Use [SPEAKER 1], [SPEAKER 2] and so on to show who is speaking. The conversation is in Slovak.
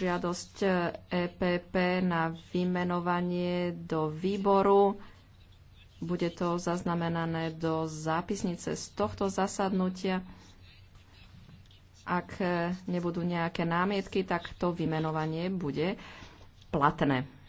[SPEAKER 1] žiadosť EPP e na vymenovanie do výboru. Bude to zaznamenané do zápisnice z tohto zasadnutia. Ak e, nebudú nejaké námietky, tak to vymenovanie bude platné.